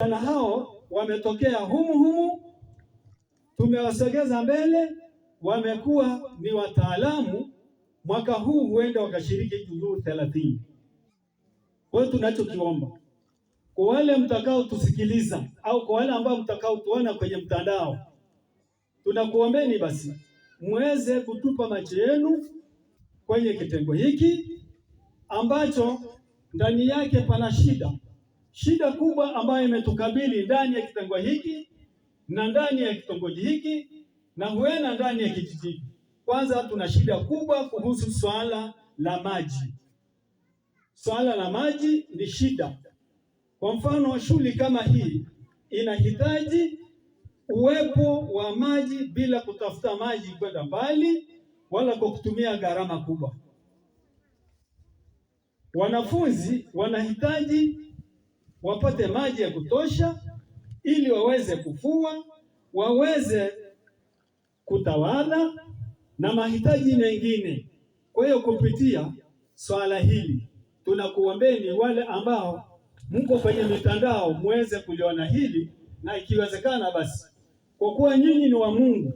Vijana hao wametokea humu humu, tumewasogeza mbele, wamekuwa ni wataalamu. Mwaka huu huenda wakashiriki juzuu thelathini. Kwa hiyo tunachokiomba kwa wale mtakaotusikiliza au kwa wale ambao mtakaotuona kwenye mtandao, tunakuombeni basi muweze kutupa macho yenu kwenye kitengo hiki ambacho ndani yake pana shida Shida kubwa ambayo imetukabili ndani ya kitengo hiki na ndani ya kitongoji hiki na huenda ndani ya kijiji, kwanza tuna shida kubwa kuhusu swala la maji. Swala la maji ni shida. Kwa mfano, shule kama hii inahitaji uwepo wa maji bila kutafuta maji kwenda mbali wala kwa kutumia gharama kubwa. Wanafunzi wanahitaji wapate maji ya kutosha, ili waweze kufua, waweze kutawala na mahitaji mengine. Kwa hiyo kupitia swala hili tunakuombeni wale ambao mko kwenye mitandao muweze kuliona hili, na ikiwezekana basi, kwa kuwa nyinyi ni wa Mungu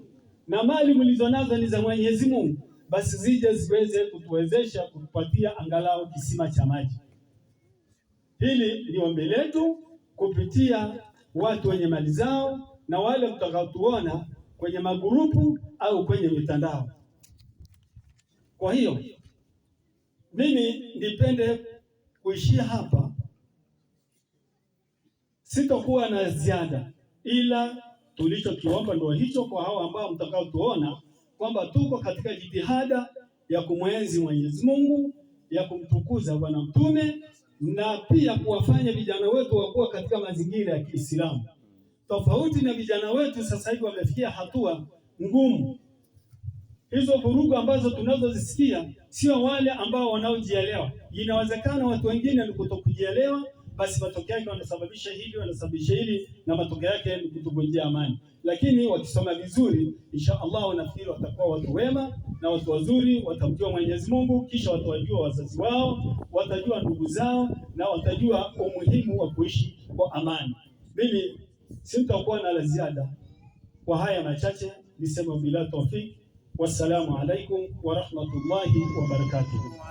na mali mlizonazo ni za Mwenyezi Mungu, basi zije ziweze kutuwezesha kutupatia angalau kisima cha maji. Hili ni ombi letu kupitia watu wenye mali zao na wale mtakaotuona kwenye magurupu au kwenye mitandao. Kwa hiyo mimi nipende kuishia hapa, sitokuwa na ziada, ila tulichokiomba ndio hicho, kwa hao ambao mtakaotuona kwamba tuko katika jitihada ya kumwenzi Mwenyezi Mungu, ya kumtukuza Bwana Mtume na pia kuwafanya vijana wetu wakuwa katika mazingira ya Kiislamu, tofauti na vijana wetu sasa hivi wamefikia hatua ngumu. Hizo vurugu ambazo tunazozisikia sio wale ambao wanaojielewa. Inawezekana watu wengine ni kutokujielewa basi matokeo yake wanasababisha hili wanasababisha hili, na matokeo yake ni amani. Lakini wakisoma vizuri, insha Allah, nafikiri watakuwa watu wema na watu wazuri, watamjua Mwenyezi Mungu, kisha watawajua wazazi wao, watajua ndugu zao, na watajua umuhimu wa kuishi kwa amani. Mimi sitakuwa na la ziada kwa haya machache, nisema bila tawfik. Wassalamu alaikum wa rahmatullahi wa barakatuh.